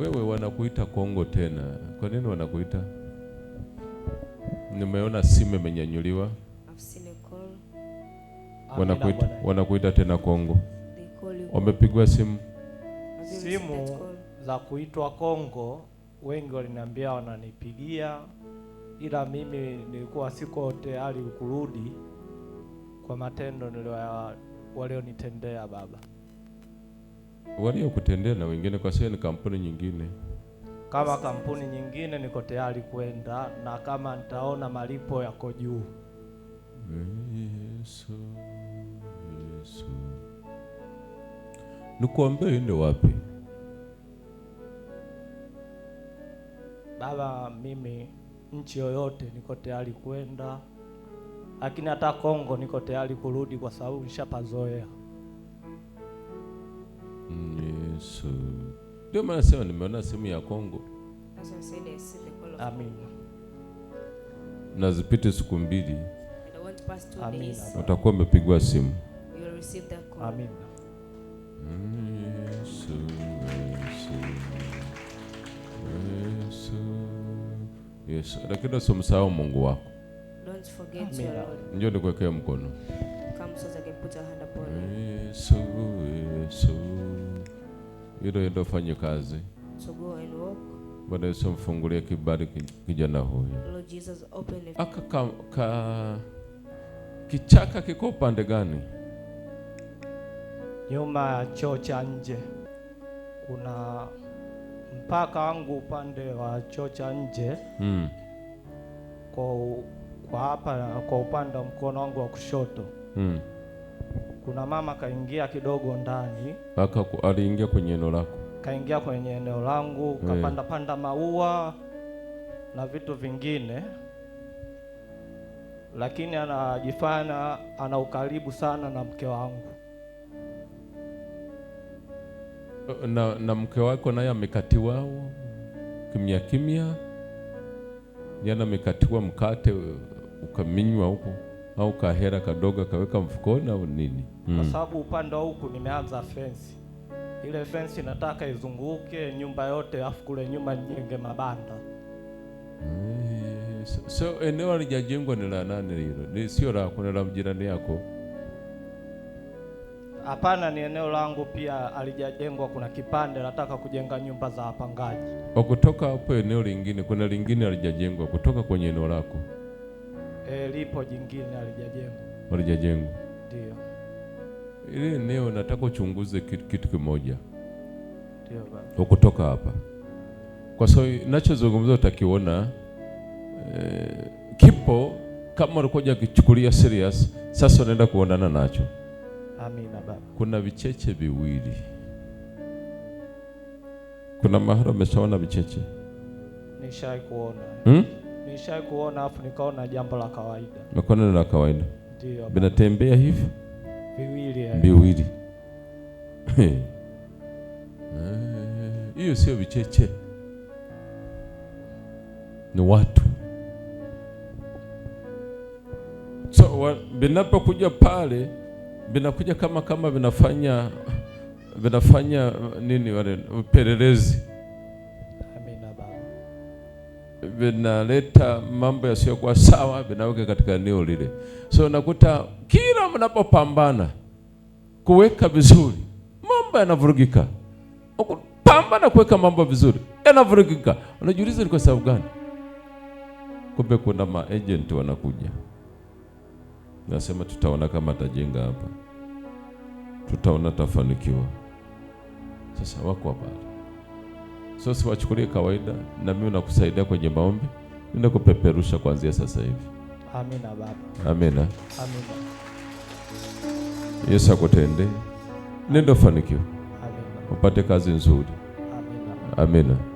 wewe wanakuita Kongo tena, kwa nini wanakuita? Nimeona simu imenyanyuliwa, wanakuita, wanakuita tena Kongo. Wamepigwa simu simu za kuitwa Kongo, wengi waliniambia wananipigia, ila mimi nilikuwa siko tayari kurudi kwa matendo nilio walionitendea baba waliokutendea na wengine, kwa sababu ni kampuni nyingine. Kama kampuni nyingine niko tayari kwenda, na kama nitaona malipo yako juu. Yesu, Yesu, nikuambie uende wapi? Baba, mimi nchi yoyote niko tayari kwenda, lakini hata Kongo niko tayari kurudi, kwa sababu nishapazoea. Yesu. Ndio maana sema nimeona sehemu ya Kongo. Amen. Nazipite siku mbili utakuwa umepigwa simu. Amen. Yesu, Lakini usimsahau Mungu wako. Don't forget Njoo nikuwekee mkono. Come so that I can put a hand upon hilo hilo fanye kazi. So go and walk. Bwana Yesu amfungulie kibali kijana huyo. Lord Jesus open it. Aka ka, ka, kichaka kiko upande gani? Nyuma ya choo cha nje kuna mpaka wangu upande wa choo cha nje mm. Kwa, kwa hapa kwa upande wa mkono wangu wa kushoto mm kuna mama kaingia kidogo ndani aliingia kwenye eneo lako, kaingia kwenye eneo langu eh. kapanda panda maua na vitu vingine, lakini anajifanya ana ukaribu sana na mke wangu na, na mke wako naye amekatiwa kimya kimya, yana amekatiwa mkate ukaminywa huko au kahera kadogo kaweka mfukoni au nini? mm. Kwa hmm. sababu upande wa huku nimeanza fensi, ile fensi nataka izunguke nyumba yote, afu kule nyuma nijenge mabanda. mm. So, so eneo alijajengwa ni la nani hilo? Ni sio la kuna la mjirani yako? Hapana, ni eneo langu pia, alijajengwa. Kuna kipande nataka kujenga nyumba za wapangaji. Kutoka hapo eneo lingine, kuna lingine alijajengwa kutoka kwenye eneo lako? E, lipo jingine alijajengwa. Alijajengwa. Ndio. Ile eneo nataka uchunguze kitu, kitu kimoja. Ndio baba. Ukutoka hapa. Kwa sababu ninachozungumza utakiona e, kipo kama ulikuja kichukulia serious, sasa unaenda kuonana nacho. Amina baba. Kuna vicheche viwili. Kuna mahali umeshaona vicheche? Nishai kuona. Hmm? Nishai kuona afu nikaona jambo la kawaida. Umekuwa nalo la kawaida? Ndio. Vinatembea hivi viwili, eh. viwili hiyo sio vicheche, ni watu. So vinapokuja pale vinakuja kama kama vinafanya vinafanya nini wale upelelezi vinaleta mambo yasiyokuwa sawa, vinaweka katika eneo lile. So nakuta kila mnapopambana kuweka vizuri, mambo yanavurugika. Pambana kuweka mambo vizuri, yanavurugika. Unajiuliza ni kwa sababu gani? Kumbe kuna maagenti wanakuja, nasema tutaona kama atajenga hapa, tutaona tafanikiwa. Sasa wako habari So siwachukulie kawaida, na mimi nakusaidia kwenye maombi, nenda kupeperusha kuanzia sasa hivi. Amina baba. Amina. Eh? Amina. Yesu akutendee, nenda ufanikiwe, upate kazi nzuri. Amina. Amina. Eh?